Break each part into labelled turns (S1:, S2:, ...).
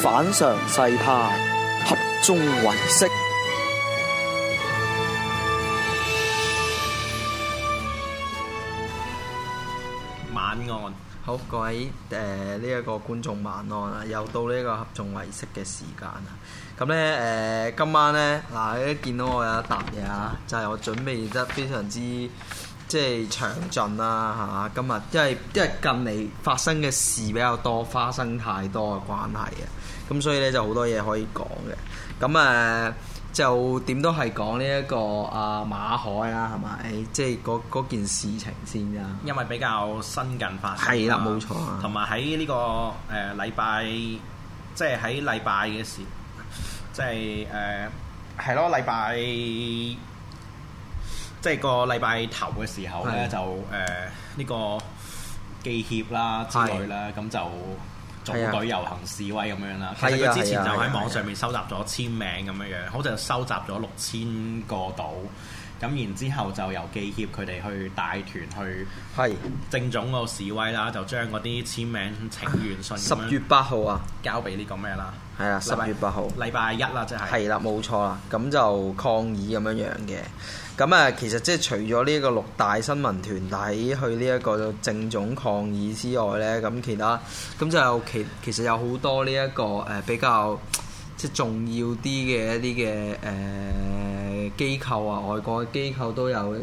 S1: 反常世態，合眾唯識。晚安，好，各位誒，呢一個觀眾晚安啊！又到呢個合眾唯識嘅時間啦。咁呢，誒、呃，今晚呢，嗱、呃，一見到我有一沓嘢啊，就係我準備得非常之即係詳盡啦吓。今日因為因為近嚟發生嘅事比較多，發生太多嘅關係啊。咁所以咧就好多嘢可以講嘅，咁誒、呃、就點都係講呢一個阿、呃、馬海啊，係咪、哎？即係嗰件事情先㗎。因
S2: 為比較新近發生，係啦，冇錯、啊。同埋喺呢個誒、呃、禮拜，即係喺禮拜嘅時，即係誒係咯，禮拜即係個禮拜頭嘅時候咧，的就誒呢、呃這個記協啦之類啦，咁的就。組舉遊行示威咁樣啦，其實佢之前就喺網上面收集咗簽名咁樣樣，好似就收集咗六千個到。咁然之後就由記協佢哋去帶團去係政總個示威啦，就將嗰啲簽名請
S1: 願信十月八號啊，交俾呢個咩啦？係啊，十月八號，禮拜一啦，即係係啦，冇錯啦。咁就抗議咁樣樣嘅。咁啊，其實即係除咗呢一個六大新聞團體去呢一個政總抗議之外呢，咁其他咁就其其實有好多呢、這、一個誒、呃、比較。即重要啲嘅一啲嘅誒機構啊，外國嘅機構都有誒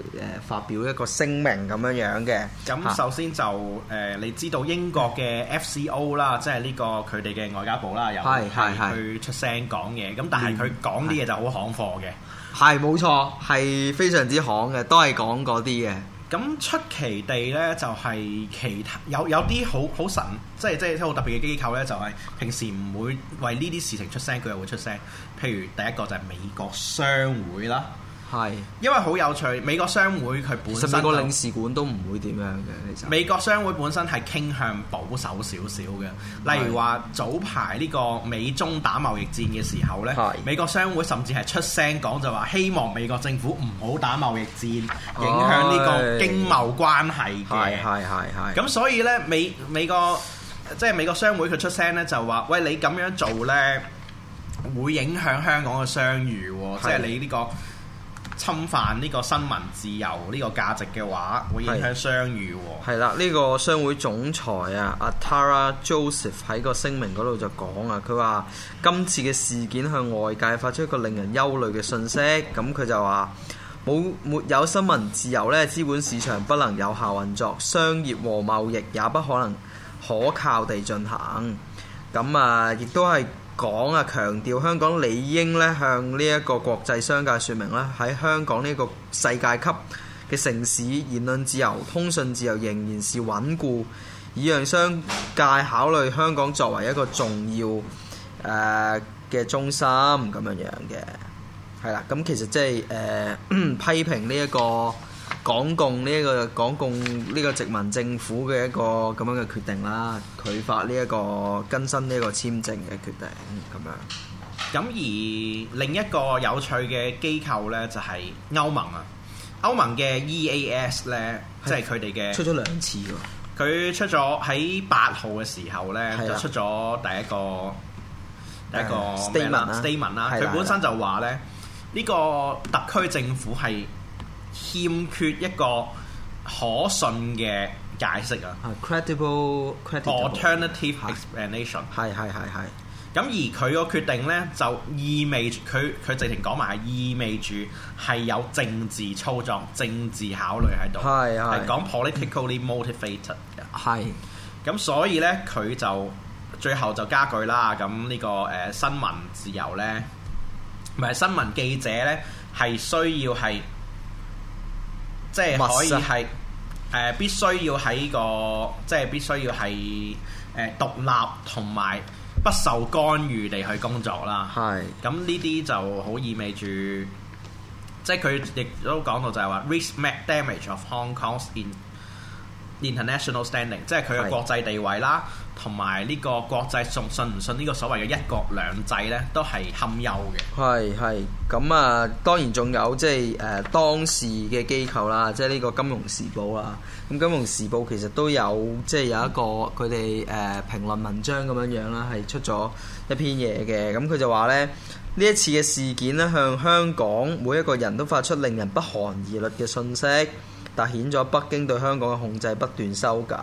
S1: 發表一個聲明咁樣樣嘅。咁、嗯、首先就誒、啊呃，你知道英國嘅 FCO
S2: 啦，即係呢個佢哋嘅外交部啦，又係去出聲講嘢。咁、嗯、但係佢講啲嘢，就好行貨嘅。係冇錯，係 非常之行嘅，都係講嗰啲嘅。咁出奇地咧，就係其他有有啲好好神，即係即係好特別嘅機構咧，就係平時唔會為呢啲事情出聲，佢又會出聲。譬如第一個就係美國商會啦。係，因為好有趣，美國商會佢本身其實美國領
S1: 事館都唔會點樣嘅。美
S2: 國商會本身係傾向保守少少嘅，例如話是的 早排呢個美中打貿易戰嘅時候呢是的 美國商會甚至係出聲講就話希望美國政府唔好打貿易戰，影響呢個經貿關係嘅。係係係，咁所以呢，美美國即係美國商會佢出聲呢，就話喂，你咁樣做呢，會影響香港嘅商譽喎，是的 即係你呢個。侵犯呢個新聞自由呢個價值嘅話，會影響商譽。
S1: 係啦，呢、這個商會總裁啊，阿 Tara Joseph 喺個聲明嗰度就講啊，佢話今次嘅事件向外界發出一個令人憂慮嘅訊息。咁佢就話冇沒，沒有新聞自由呢，資本市場不能有效運作，商業和貿易也不可能可靠地進行。咁啊，亦都係。講啊，強調香港理應咧向呢一個國際商界說明啦，喺香港呢個世界級嘅城市，言論自由、通訊自由仍然是穩固，以讓商界考慮香港作為一個重要嘅、呃、中心咁樣樣嘅，係啦。咁其實即係誒批評呢、這、一個。港共呢、這個港共呢個殖民政府嘅一個咁樣嘅決定啦，佢發呢、這、一個更新呢個簽證嘅決定咁樣。
S2: 咁而另一個有趣嘅機構呢，就係、是、歐盟啊。歐盟嘅 EAS 呢，的即係佢哋嘅出咗兩次喎。佢出咗喺八號嘅時候呢，的就出咗第一個的第一個
S1: statement 的。statement 啦，佢本身
S2: 就話呢，呢、這個特區政府係。欠缺一個可信嘅解釋啊、uh，credible, credible alternative explanation 係係係係。咁而佢個決定咧，就意味住佢佢直情講埋，意味住係有政治操作，政治考慮喺度。係啊，係講 politically motivated。係咁是，所以咧佢就最後就加句啦。咁呢、個誒、呃、新聞自由咧，唔係新聞記者咧，係需要係。
S1: 即係
S2: 可以係誒、呃、必須要喺個即係必須要係誒、呃、獨立同埋不受干預地去工作啦。係咁，呢啲就好意味住，即係佢亦都講到就係話 risk, make damage of Hong Kong's in international standing，即係佢嘅國際地位啦。同埋呢個國際信信唔信呢個所謂嘅一國兩制呢，都係堪憂嘅。
S1: 係係，咁啊，當然仲有即係誒當時嘅機構啦，即係呢個《金融時報》啊。咁《金融時報》其實都有即係、就是、有一個佢哋誒評論文章咁樣樣啦，係出咗一篇嘢嘅。咁佢就話呢，呢一次嘅事件呢，向香港每一個人都發出令人不寒而栗嘅訊息，凸顯咗北京對香港嘅控制不斷收緊。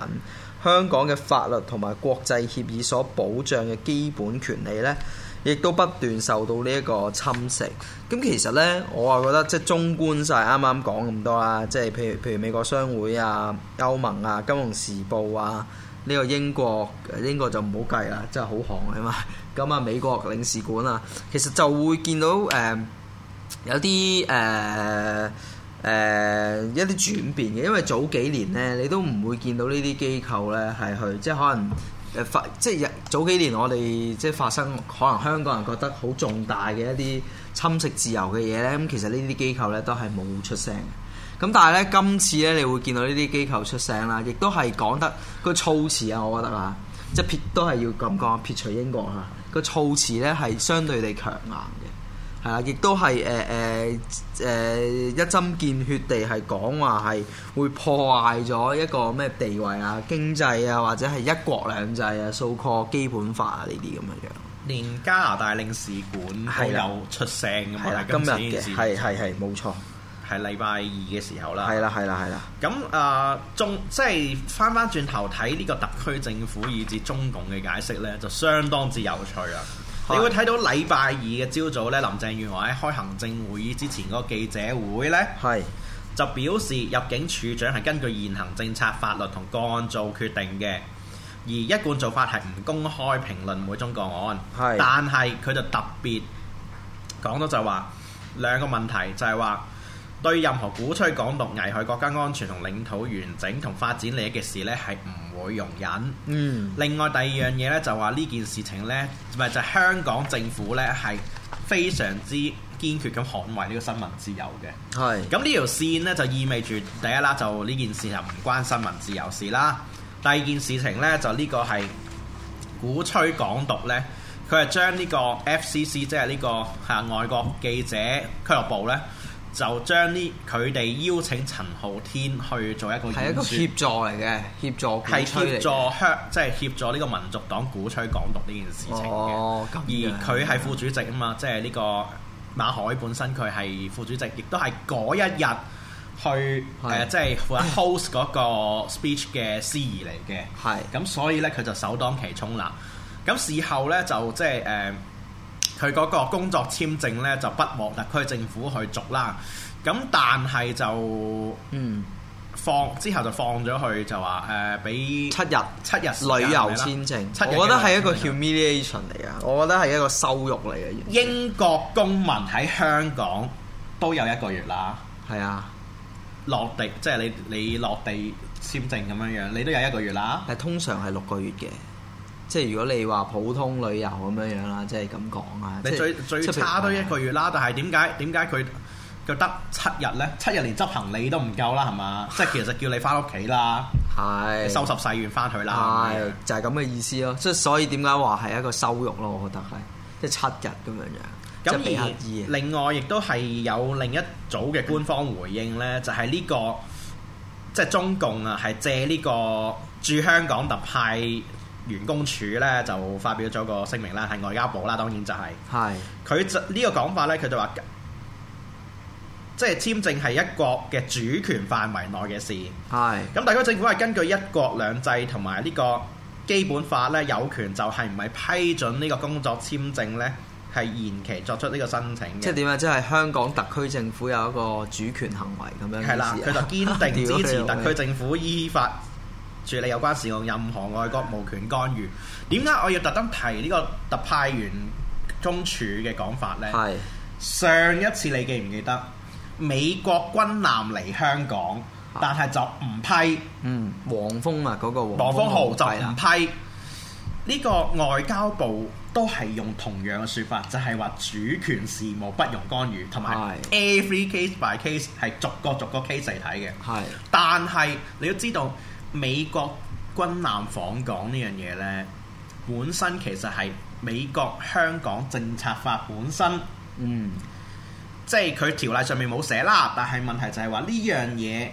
S1: 香港嘅法律同埋國際協議所保障嘅基本權利呢，亦都不斷受到呢一個侵蝕。咁其實呢，我啊覺得即係綜觀曬啱啱講咁多啦，即係譬如譬如美國商會啊、歐盟啊、金融時報啊、呢個英國，英國就唔好計啦，真係好行啊嘛。咁啊，美國領事館啊，其實就會見到誒、呃、有啲誒。呃誒、呃、一啲轉變嘅，因為早幾年咧，你都唔會見到呢啲機構咧係去，即係可能誒、呃、發，即係早幾年我哋即係發生可能香港人覺得好重大嘅一啲侵蝕自由嘅嘢咧，咁其實呢啲機構咧都係冇出聲。咁但係咧，今次咧你會見到呢啲機構出聲啦，亦都係講得個措辭啊，我覺得啊，即係撇都係要咁講，撇除英國啊，個措辭咧係相對地強硬嘅。係啦，亦、啊、都係誒誒誒一針見血地係講話係會破壞咗一個咩地位啊、經濟啊，或者係一國兩制啊、訴訟基本法啊呢啲咁嘅樣。連加拿大領事館都有的出
S2: 聲㗎啦，今日嘅係係係冇錯，係禮拜二嘅時候啦。係啦係啦係啦。咁啊、呃、中即係翻翻轉頭睇呢個特區政府以至中共嘅解釋呢，就相當之有趣啊！你會睇到禮拜二嘅朝早咧，林鄭月娥喺開行政會議之前嗰個記者會咧，就表示入境處長係根據現行政策、法律同個案做決定嘅，而一貫做法係唔公開評論每宗個案。但係佢就特別講到就話兩個問題，就係話。對任何鼓吹港獨、危害國家安全同領土完整同發展利益嘅事呢，係唔會容忍。嗯。另外第二樣嘢呢就話呢件事情咧，唔係就係、香港政府呢係非常之堅決咁捍衞呢個新聞自由嘅。係是。咁呢條線呢，就意味住第一啦，就呢件事情唔關新聞自由事啦。第二件事情呢，就呢個係鼓吹港獨呢，佢係將呢個 FCC 即係呢個係外國記者俱樂部呢。就將呢，佢哋邀請陳浩天去做一個演一個協助嚟嘅協助鼓吹助香，即係協助呢個民族黨鼓吹港獨呢件事情嘅。哦、而佢係副主席啊嘛，即係呢個馬凱本身佢係副主席，亦都係嗰一日去係啊，即係 host 嗰個 speech 嘅司儀嚟嘅。係咁是，所以呢，佢就首當其衝啦。咁事後呢，就即係誒。呃佢嗰個工作簽證呢，就不獲特區政府去續啦。咁但係就嗯，放之後就放咗佢，就話誒俾七日七日旅遊簽證。我覺得係一
S1: 個 humiliation 嚟啊！Iliation，我覺得係一個羞辱嚟啊！英國公民
S2: 喺香港都有一個月啦。係啊，落地即係、就是、你
S1: 你落地簽證咁樣樣，你都有一個月啦。係通常係六個月嘅。即係如果你話普通旅遊咁樣樣啦，即係咁講啊！你最面最差都一個月啦，
S2: 但係點解點解佢佢得七日呢？七日連執行李你都唔夠啦，係嘛？ 即係其實叫你翻屋企啦，係 收拾細
S1: 軟翻去啦，係就係咁嘅意思咯。即係所以點解話係一個羞辱咯？我覺得係即係七日咁樣樣。咁而
S2: 另外，亦都係有另一組嘅官方回應呢，就係、是、呢、這個即係、就係呢個就係、中共啊，係借呢個駐香港特派，員工處咧就發表咗個聲明啦，係外交部啦，當然就係、係，佢是、這個、呢個講法咧，佢就話，即係簽證係一國嘅主權範圍內嘅事，咁是特區政府係根據一國兩制同埋呢個基本法咧，有權就係唔係批准呢個工作簽證咧，係延期作出呢個申請嘅。即係點
S1: 啊？即係香港特區政府有一個主權行為咁樣。係啦，佢就堅定支持特區政府依法，處理有關事務，任何外國無權干預。
S2: 點解我要特登提呢個特派員中處嘅講法呢？係是上一次你記唔記得美國軍艦嚟香港，但係就唔批。嗯，黃蜂啊，嗰、那個黃蜂，黃蜂號就唔批。呢、啊、個外交部都係用同樣嘅說法，就係、是、話主權事務不容干預，同埋 every case by case 係逐個逐個 case 嚟睇嘅。係是，但係你都知道。美國軍艦訪港呢樣嘢呢，本身其實係美國香港政策法本身，嗯，即係佢條例上面冇寫啦，但係問題就係話呢樣嘢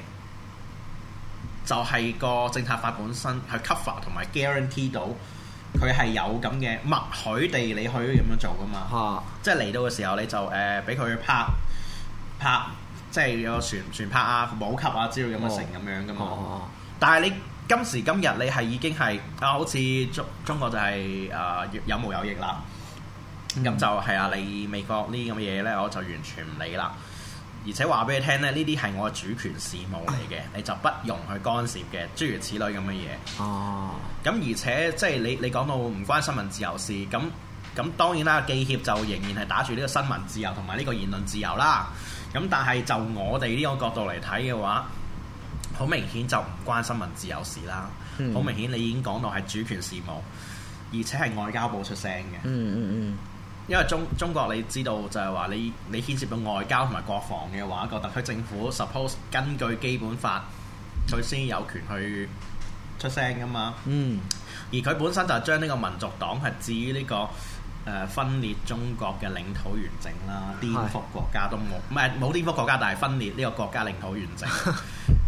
S2: 就係個政策法本身去 cover 同埋 guarantee 到佢係有咁嘅默許地你去咁樣做㗎嘛，哈即係嚟到嘅時候你就誒俾佢拍拍，即係有船船拍啊、冇級啊之類咁嘅成咁樣㗎嘛。哈但係你今時今日你係已經係啊，好似中中國就係、是、誒、呃、有毛有翼啦，咁、mm hmm. 就係啊，你美國呢啲咁嘅嘢呢，我就完全唔理啦。而且話俾你聽咧，呢啲係我嘅主權事務嚟嘅，你就不用去干涉嘅。諸如此類咁嘅嘢。哦。咁而且即係、就是、你你講到唔關新聞自由事，咁咁當然啦，記協就仍然係打住呢個新聞自由同埋呢個言論自由啦。咁但係就我哋呢個角度嚟睇嘅話，好明顯就唔關新聞自由事啦，好、嗯、明顯你已經講到係主權事務，而且係外交部出聲嘅、嗯。嗯嗯
S1: 嗯，
S2: 因為中中國你知道就係話你你牽涉到外交同埋國防嘅話，個特區政府 suppose 根據基本法，佢先有權去出聲噶嘛。嗯，而佢本身就係將呢個民族黨係置於呢、呢個。誒、呃、分裂中國嘅領土完整啦，顛覆
S1: 的國家都冇，唔係冇
S2: 顛覆國家，但係分裂呢個國家領土完
S1: 整。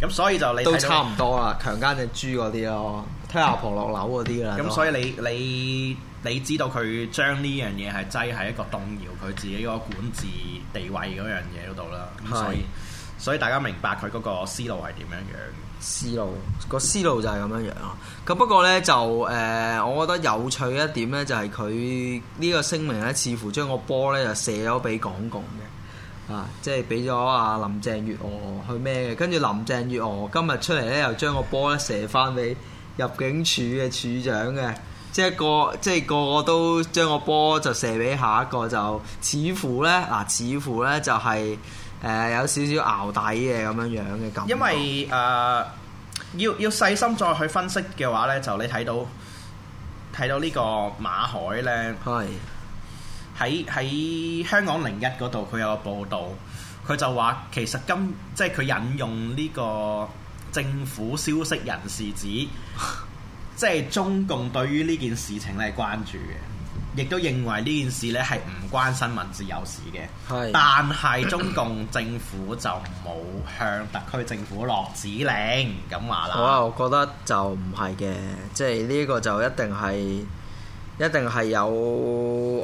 S1: 咁
S2: 所以就你睇，都差唔多
S1: 啦，嗯、強奸隻豬嗰啲咯，聽阿婆落樓嗰啲啦。咁 所以你你
S2: 你知道佢將呢樣嘢係擠喺一個動搖佢自己個管治地位嗰樣嘢嗰度啦。咁所以，的所以，所以大家明白佢嗰個思路係點樣樣。
S1: 思路個思路就係咁樣樣咯。咁不過呢，就誒、呃，我覺得有趣一點呢，就係佢呢個聲明呢，似乎將個波呢就射咗俾港共嘅啊，即係俾咗阿林鄭月娥去咩？嘅？跟住林鄭月娥今日出嚟呢，又將個波呢射翻俾入境處嘅處長嘅，即係個即係個個都將個波就射俾下一個就，就似乎呢，嗱、啊，似乎呢就係、是。誒、呃、有少少淆底嘅咁樣樣嘅感覺，因為誒、
S2: 呃、要要細心再去分析嘅話呢，就你睇到睇到呢個馬凱咧，喺喺、哎、香港零一嗰度佢有個報導，佢就話其實今即係佢引用呢個政府消息人士指， 即係中共對於呢件事情咧關注嘅。亦都認為呢件事咧係唔關新聞自由事嘅，是但係中共政府就冇向特區政府落指令咁話啦。我又
S1: 覺得就唔係嘅，即係呢個就一定係一定係有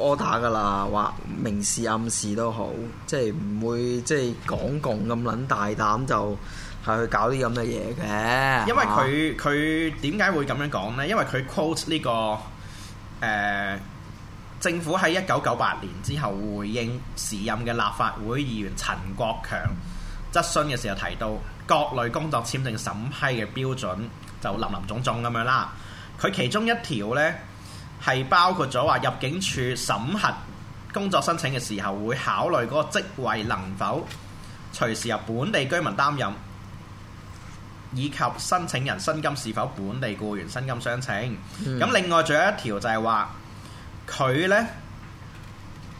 S1: order 噶啦，或明示暗示都好，即係唔會即係港共咁撚大膽就係去搞啲咁嘅嘢嘅。因為佢
S2: 佢點解會咁樣講呢？因為佢 quote 呢個誒。呃政府喺一九九八年之後回應時任嘅立法會議員陳國強質詢嘅時候提到，各類工作簽證審批嘅標準就林林總總咁樣啦。佢其中一條呢係包括咗話入境處審核工作申請嘅時候會考慮嗰個職位能否隨時由本地居民擔任，以及申請人薪金是否本地雇員薪金相稱。咁另外仲有一條就係話，佢呢，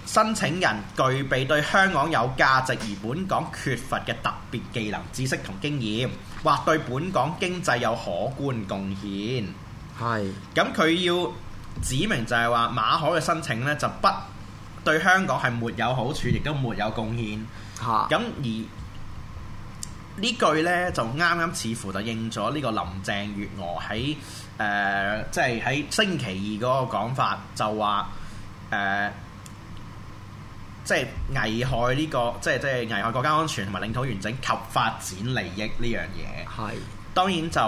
S2: 申請人具備對香港有價值而本港缺乏嘅特別技能、知識同經驗，或對本港經濟有可觀貢獻。係是。咁佢要指明就係話，馬凱嘅申請呢，就不對香港係沒有好處，亦都沒有貢獻。嚇是。咁而呢句呢，就啱啱似乎就應咗呢個林鄭月娥喺誒、呃，即係喺星期二嗰個講法，就話誒、呃，即係危害呢、這個，即係即係危害國家安全同埋領土完整及發展利益呢樣嘢。係是，當然就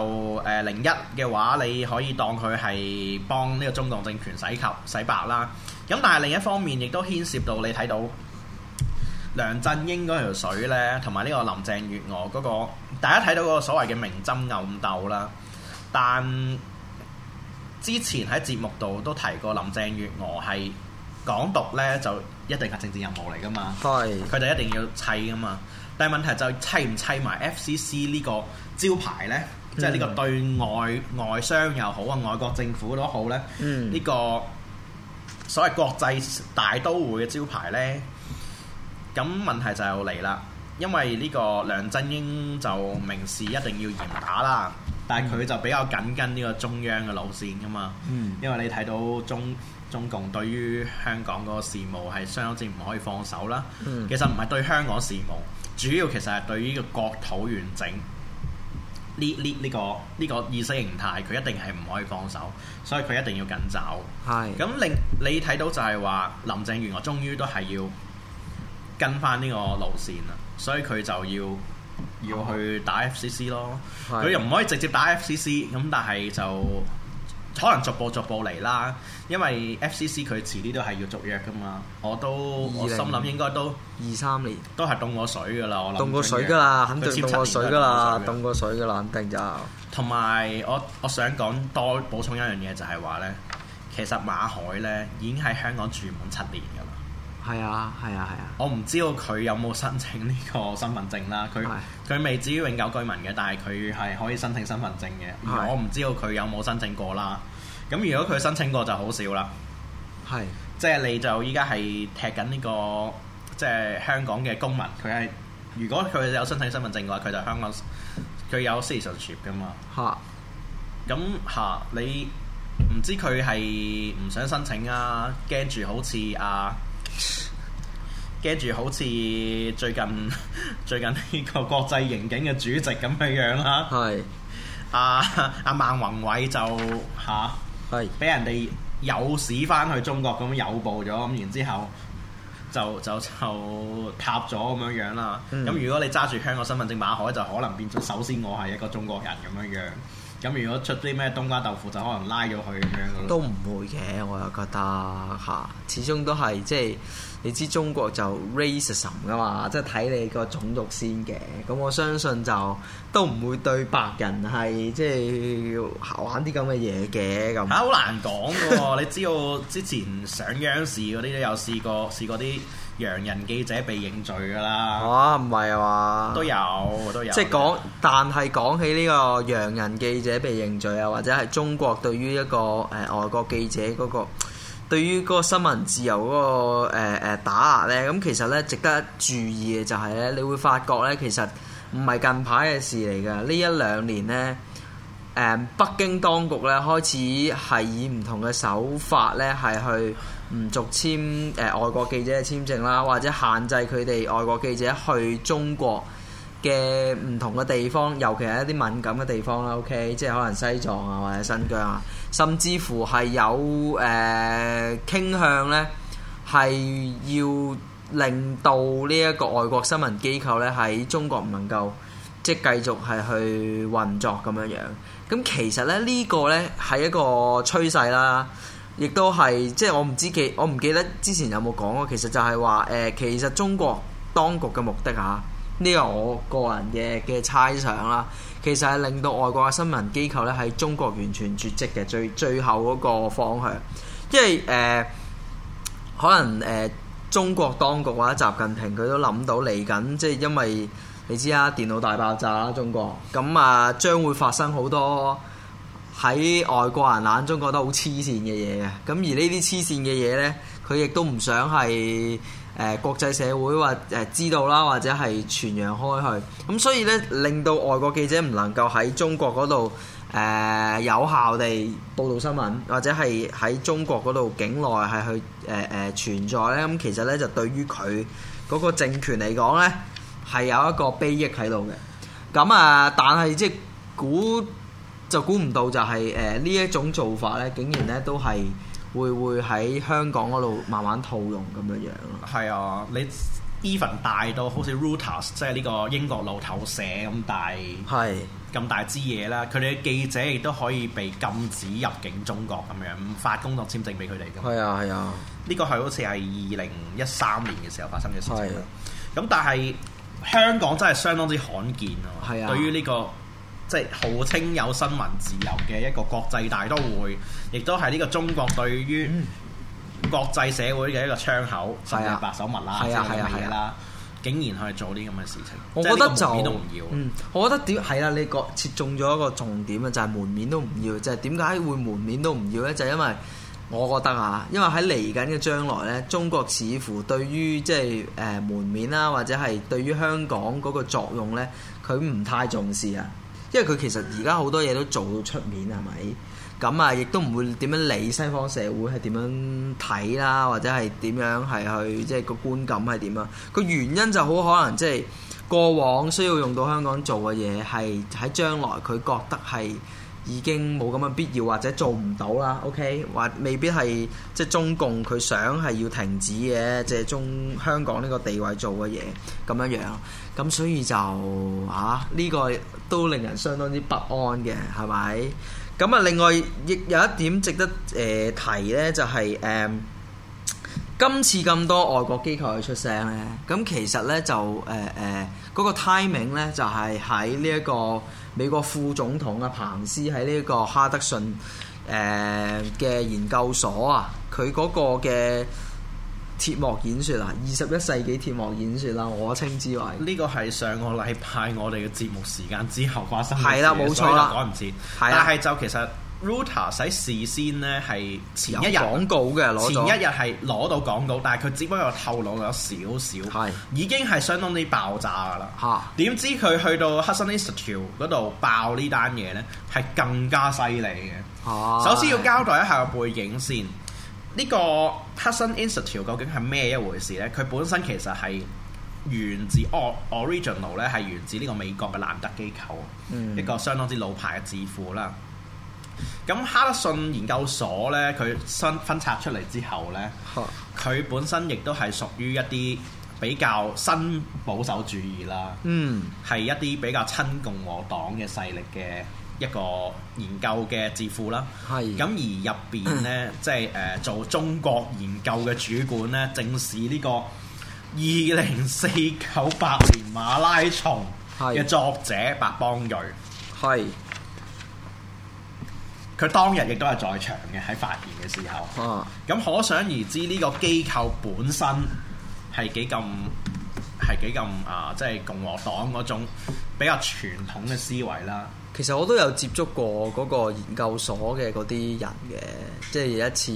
S2: 誒，另一嘅話，你可以當佢係幫呢個中共政權洗黑洗白啦。咁但係另一方面，亦都牽涉到你睇到梁振英嗰條水呢，同埋呢個林鄭月娥嗰、那個，大家睇到嗰個所謂嘅明爭暗鬥啦。但之前喺節目度都提過，林鄭月娥係港獨呢，就一定係政治任務嚟㗎嘛，佢哋對一定要砌㗎嘛。但係問題就砌唔砌埋 FCC 呢個招牌呢？即係呢個對外外商又好啊，外國政府都好呢，呢、嗯、個所謂國際大都會嘅招牌呢。咁問題就嚟啦，因為呢個梁振英就明示一定要嚴打啦。但係佢就比較緊跟呢個中央嘅路線㗎嘛，嗯、因為你睇到中中共對於香港嗰個事務係相當之唔可以放手啦。嗯、其實唔係對香港事務，主要其實係對於呢個國土完整呢呢呢個呢、呢個意識形態，佢一定係唔可以放手，所以佢一定要緊走。係咁令你睇到就係話林鄭月娥終於都係要跟翻呢個路線啦，所以佢就要。要去打 FCC 咯，佢是的 又唔可以直接打 FCC，咁但係就可能逐步逐步嚟啦，因為 FCC 佢遲啲都係要續約噶嘛，我都我心諗應該都二三年都係凍過水噶啦，我諗，凍過水噶啦，肯定水年啦，凍
S1: 過水噶啦，肯
S2: 定就同埋我我想講多補充一樣嘢就係話咧，其實馬凱咧已經喺香港住滿七年噶啦。係啊，係啊，係啊。我唔知道佢有冇申請呢個身份證啦。佢佢未至於永久居民嘅，但係佢係可以申請身份證嘅。我唔知道佢有冇申請過啦。咁如果佢申請過就好少啦。係即係你就依家係踢緊呢個即係香港嘅公民。佢係如果佢有申請身份證嘅話，佢就香港佢有 citizenship 噶嘛。嚇咁嚇你唔知佢係唔想申請啊？驚住好似啊～跟住好似最近最近呢個國際刑警嘅主席咁樣樣啦，係阿阿孟宏偉就吓，係、啊、俾是人哋有使翻去中國咁有報咗，咁然之後就就就塌咗咁樣樣啦。咁、嗯、如果你揸住香港身份證，馬凱就可能變咗。首先我係一個中國人咁樣樣。咁如果出啲咩冬瓜豆腐，就可能拉咗佢咁樣咯。都唔
S1: 會嘅，我又覺得吓，始終都係即係。你知中國就 racism 㗎嘛，即係睇你個種族先嘅。咁我相信就都唔會對白人係即係玩啲咁嘅嘢嘅咁。好 難講嘅喎！你
S2: 知道之前上央視嗰啲都有試過試過啲洋人記者被認
S1: 罪㗎喇。哦、啊，唔係啊嘛，都有，都有即。即係講，但係講起呢個洋人記者被認罪啊，或者係中國對於一個誒、呃、外國記者嗰、嗰個。對於嗰個新聞自由嗰、那個誒、呃呃、打壓呢，咁其實呢，值得注意嘅就係、是、呢，你會發覺呢，其實唔係近排嘅事嚟嘅，呢一兩年呢、呃，北京當局呢，開始係以唔同嘅手法呢，係去唔續簽誒、呃、外國記者嘅簽證啦，或者限制佢哋外國記者去中國嘅唔同嘅地方，尤其係一啲敏感嘅地方啦。OK，即係可能西藏啊或者新疆啊。甚至乎係有誒、呃、傾向咧，係要令到呢一個外國新聞機構咧，喺中國唔能夠即係繼續係去運作咁樣樣。咁其實咧呢、呢個咧係一個趨勢啦，亦都係即係我唔知記我唔記得之前有冇講過，其實就係話誒，其實中國當局嘅目的嚇。呢個我個人嘅嘅猜想啦，其實係令到外國嘅新聞機構咧喺中國完全絕跡嘅最最後嗰個方向，因為誒、呃、可能誒、呃、中國當局或者習近平佢都諗到嚟緊，即、就、係、是、因為你知啦、啊，電腦大爆炸啦，中國咁啊將會發生好多喺外國人眼中覺得好黐線嘅嘢嘅，咁而呢啲黐線嘅嘢呢，佢亦都唔想係。誒國際社會或誒知道啦，或者係傳揚開去，咁所以呢，令到外國記者唔能夠喺中國嗰度誒有效地報導新聞，或者係喺中國嗰度境內係去誒誒、呃呃、存在呢。咁其實呢，就對於佢嗰個政權嚟講呢，係有一個裨益喺度嘅。咁啊，但係即係估就估唔到、就是，就係誒呢一種做法呢，竟然呢都係。會會喺香港嗰度慢慢套用咁樣樣咯。係 啊，你 even
S2: 大到好似 Reuters 即係呢個英國路透社咁大，係咁是的 大支嘢啦。佢哋嘅記者亦都可以被禁止入境中國咁樣，唔發工作簽證俾佢哋嘅。係啊係啊，呢個係好似係二零一三年嘅時候發生嘅事情啦。咁是的 但係香港真係相當之罕見咯。係啊，對於呢、呢個。即係號稱有新聞自由嘅一個國際大都會，亦都係呢個中國對於國際社會嘅一個窗口，係啊，白手物、啊、啦，即係咩嘢啦，
S1: 竟然去做啲咁嘅事情，我覺得就都唔要，嗯，我覺得點係啦？你個切中咗一個重點啊，就係、係、門面都唔要。就係點解會門面都唔要呢？就係、因為我覺得啊，因為喺嚟緊嘅將來呢，中國似乎對於即係誒門面啦，或者係對於香港嗰個作用呢，佢唔太重視啊。因為佢其實而家好多嘢都做到出面係咪？咁啊，亦都唔會點樣理西方社會係點樣睇啦，或者係點樣係去即係個觀感係點啊？個原因就好可能即係、就是、過往需要用到香港做嘅嘢，係喺將來佢覺得係已經冇咁嘅必要，或者做唔到啦。OK，或未必係即係中共佢想係要停止嘅，即係中香港呢個地位做嘅嘢咁樣樣。咁所以就啊，呢、這個都令人相當之不安嘅，係咪？咁啊，另外亦有一點值得誒、呃、提呢，就係、是、誒、呃、今次咁多外國機構去出聲呢。咁其實呢，就誒誒嗰個 timing 呢，就係喺呢一個美國副總統啊彭斯喺呢個哈德遜誒嘅研究所啊，佢嗰個嘅。鐵幕演說啊，二十一世紀鐵幕演說啦，我稱之為呢個係上個禮拜我哋嘅節目時間之後發生嘅事，的所以
S2: 講唔切。的但係就其實 Ruta 使事先咧係前一日廣告嘅，前一日係攞到廣告，但係佢只不過透露咗少少，係的已經係相當啲爆炸㗎啦。嚇、啊！點知佢去到黑森林 s t u i o 嗰度爆呢單嘢呢，係更加犀利嘅。嚇、
S1: 啊！首先要
S2: 交代一下個背景先。呢個 Hudson Institute 究竟係咩一回事呢？佢本身其實係源自 original 咧，係源自呢個美國嘅蘭德機構，嗯、一個相當之老牌嘅智富啦。咁哈德遜研究所呢，佢分分拆出嚟之後呢，佢 本身亦都係屬於一啲比較新保守主義啦。嗯，係一啲比較親共和黨嘅勢力嘅。一個研究嘅智庫啦，係咁是而入邊咧，即係誒做中國研究嘅主管咧，正是呢個二零四九八年馬拉松嘅作者是白邦瑞，係佢是當日亦都係在場嘅喺發言嘅時候，咁、啊、可想而知呢、呢個機構本身係幾咁係幾咁啊！即、就、係、是、共和黨嗰種比較傳統嘅思維啦。
S1: 其實我都有接觸過嗰個研究所嘅嗰啲人嘅，即係有一次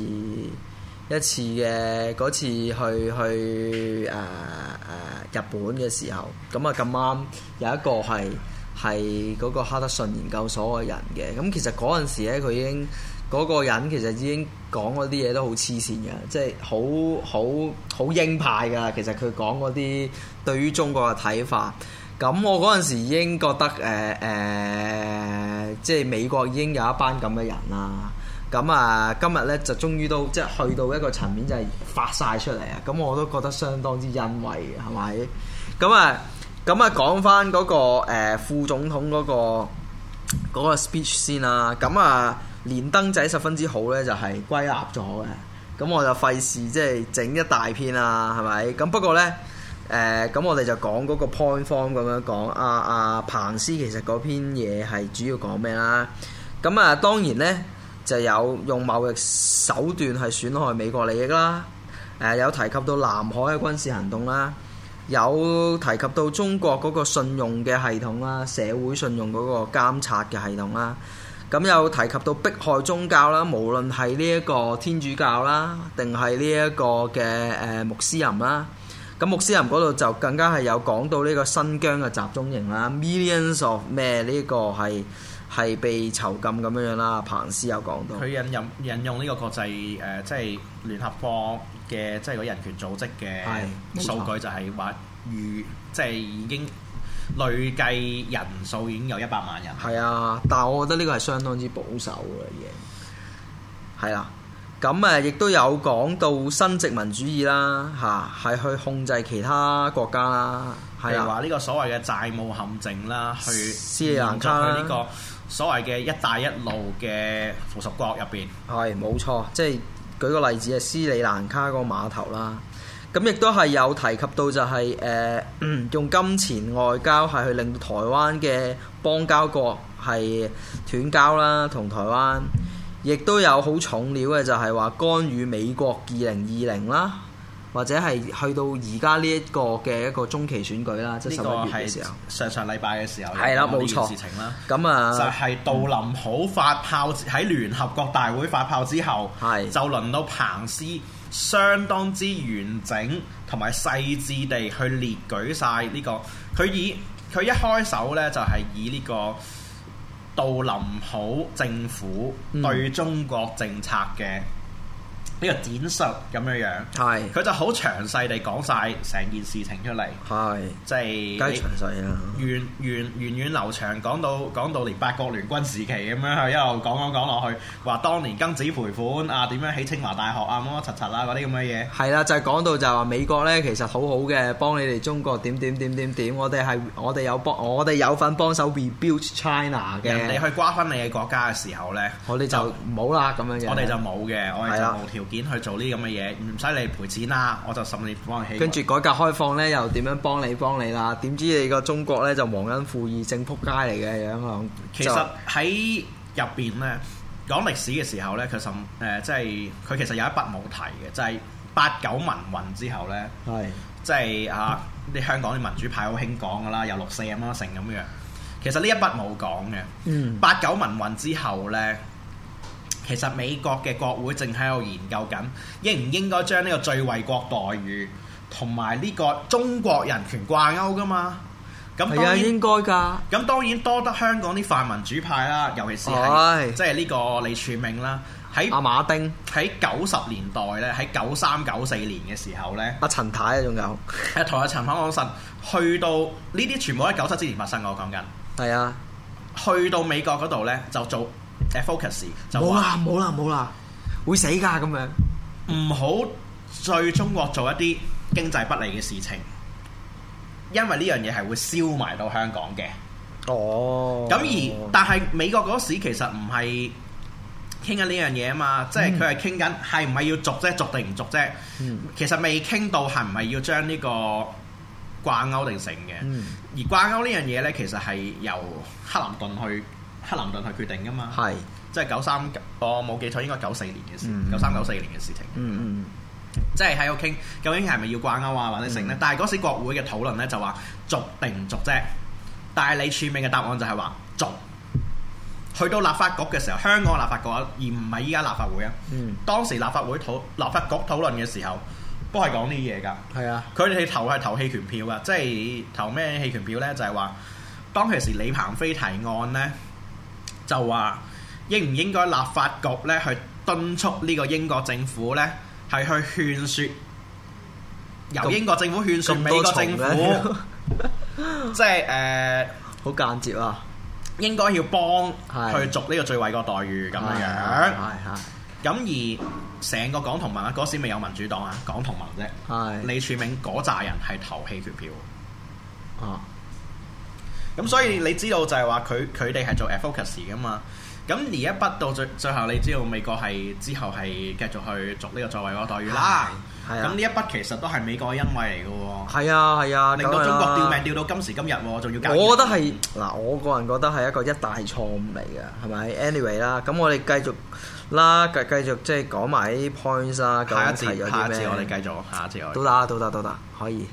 S1: 一次嘅嗰次去去誒誒、呃呃、日本嘅時候，咁啊咁啱有一個係係嗰個哈德遜研究所嘅人嘅，咁其實嗰陣時咧佢已經嗰、嗰個人其實已經講嗰啲嘢都好黐線嘅，即係好好好鷹派㗎，其實佢講嗰啲對於中國嘅睇法。咁我嗰陣時已經覺得誒誒、呃呃，即係美國已經有一班咁嘅人啦。咁、嗯、啊，今日呢，就終於都即係去到一個層面就，就係發晒出嚟啊！咁我都覺得相當之欣慰嘅，係咪？咁、嗯、啊，咁、嗯、啊，講返嗰個、呃、副總統嗰、嗰個嗰、嗰個 speech 先啦。咁、嗯、啊，連登仔十分之好呢，就係歸納咗嘅。咁、嗯、我就費事即係整一大篇啊，係咪？咁、嗯、不過呢。誒咁，呃、我哋就講嗰個 point form 咁樣講。阿、啊、阿、啊、彭斯其實嗰篇嘢係主要講咩啦？咁啊，當然呢，就有用貿易嘅手段係損害美國利益啦。誒、啊、有提及到南海嘅軍事行動啦、啊，有提及到中國嗰個信用嘅系統啦、啊，社會信用嗰個監察嘅系統啦。咁、啊啊、有提及到迫害宗教啦、啊，無論係呢一個天主教啦，定係呢一個嘅誒穆斯林啦。啊咁穆斯林嗰度就更加係有講到呢個新疆嘅集中營啦，millions of 咩呢個係係被囚禁咁樣樣啦。彭斯有講到，佢
S2: 引引引用呢個國際誒，即、呃、係、就係、聯合國嘅即係嗰人權組織嘅數據、冇錯就，就係話預即係已經累計人數已經有一百萬人。
S1: 係啊，但係我覺得呢個係相當之保守嘅嘢，係啊。咁誒，亦都有講到新殖民主義啦，嚇係去控制其他國家啦，係話呢個所謂嘅債務陷阱啦，去斯里蘭卡呢個
S2: 所謂嘅「一帶一路」嘅
S1: 附屬國入邊。係冇錯，即係舉個例子係斯里蘭卡個碼頭啦。咁亦都係有提及到就係、是、誒、呃、用金錢外交係去令台灣嘅邦交國係斷交啦，同台灣。亦都有好重料嘅，就係話干預美國二零二零啦，或者係去到而家呢一個嘅一個中期選舉啦。呢個係上上禮拜嘅時候，係啦，冇錯。事情啦，咁啊，嗯，就
S2: 係杜林普發炮喺聯合國大會發炮之後，係，就輪到彭斯相當之完整同埋細緻地去列舉晒呢個。佢以佢一開手呢，就係以呢個。杜林普政府，嗯，對中國政策嘅。呢個展述咁樣樣，係佢的就好詳細地講晒成件事情出嚟，係即係，幾詳細啊！源源源遠流長，講到講到連八國聯軍時期咁樣，一路講講講落去，話當年庚子賠款啊，點樣喺清華大學啊，乜乜柒柒啊嗰啲咁嘅嘢。
S1: 係啦，就係、是、講到就話美國咧，其實好好嘅，幫你哋中國點點點點點，我哋係我哋有幫，我哋有份幫手 rebuild China 嘅、嗯。你去瓜分你嘅國家嘅時候咧，我哋就唔好啦咁樣嘢，我哋就冇嘅，我
S2: 哋冇件去做呢啲咁嘅嘢，唔使你賠錢啦，我就十年放棄。跟住
S1: 改革開放咧，又點樣幫你幫你啦？點知你個中國咧就忘恩負義，正仆街嚟嘅樣。其實
S2: 喺入邊咧講歷史嘅時候咧，其實誒、呃、即係佢其實有一筆冇提嘅，就係、是、八九民運之後咧，是即係啊啲香港啲民主派好興講噶啦，又六四咁咯，成咁樣。其實呢一筆冇講嘅，嗯、八九民運之後咧。其實美國嘅國會正喺度研究緊，應唔應該將呢個最惠國待遇同埋呢個中國人權掛鈎噶嘛？咁係啊，應該噶。咁當然多得香港啲泛民主派啦，尤其是係、哎、即係呢個李柱銘啦，喺阿、啊、馬丁喺九十年代咧，喺九三九四年嘅時候咧，阿、啊、陳太啊仲有同阿啊陳太講實，去到呢啲全部喺九七之前發生我講緊，係啊的，去到美國嗰度咧就做。A focus 就冇說啦，冇啦，冇啦，會死㗎咁樣。唔好對中國做一啲經濟不利嘅事情，因為呢樣嘢係會燒埋到香港嘅。哦。咁而但係美國嗰時其實唔係傾緊呢樣嘢啊嘛，嗯、即係佢係傾緊係唔係要續啫，續定唔續啫。嗯、其實未傾到係唔係要將呢個掛鈎定成嘅。嗯、而掛鈎呢樣嘢呢，其實係由克林頓去。克林頓係決定㗎嘛？係即係九三，93，我冇記錯，應該九四年嘅事，九三九四年嘅事情。嗯嗯，即係喺度傾究竟係咪要掛鈎啊嘛，或者成咧？嗯、但係嗰時國會嘅討論咧就話續定唔續啫。但係你署名嘅答案就係話續。去到立法局嘅時候，香港立法局啊，而唔係依家立法會啊。嗯。當時立法會討立法局討論嘅時候，都係講呢啲嘢㗎。係啊、嗯嗯。佢哋投係投棄權票㗎，即、就、係、是、投咩棄權票咧？就係、是、話當其時李鵬飛提案咧。呢就話應唔應該立法局咧去敦促呢個英國政府咧，係去勸説由英國政府勸説美國政府，即係誒好間接啊，應該要幫去續呢個最惠國待遇咁樣是樣。係係。咁而成個港同盟啊，嗰時未有民主黨啊，港同盟啫。係是李柱銘嗰扎人係投棄權票啊。咁、嗯、所以你知道就係話佢佢哋係做 at focus 嘅嘛？咁而一筆到最最後，你知道美國係之後係繼續去逐呢個作為個待遇啦。
S1: 咁呢、啊、
S2: 一筆其實都係美國嘅恩惠嚟
S1: 嘅喎。係啊係啊，啊令到中國掉命
S2: 掉到今時今日，仲、哦、要教。我覺得係
S1: 嗱，我個人覺得係一個一大錯誤嚟嘅，係咪？Anyway 啦，咁我哋繼續啦，繼繼續即係講埋啲 points 啊。下一次，下一次，我哋繼續，下一次我哋繼續，下一次，一次我到達，到達，到達，可以。可以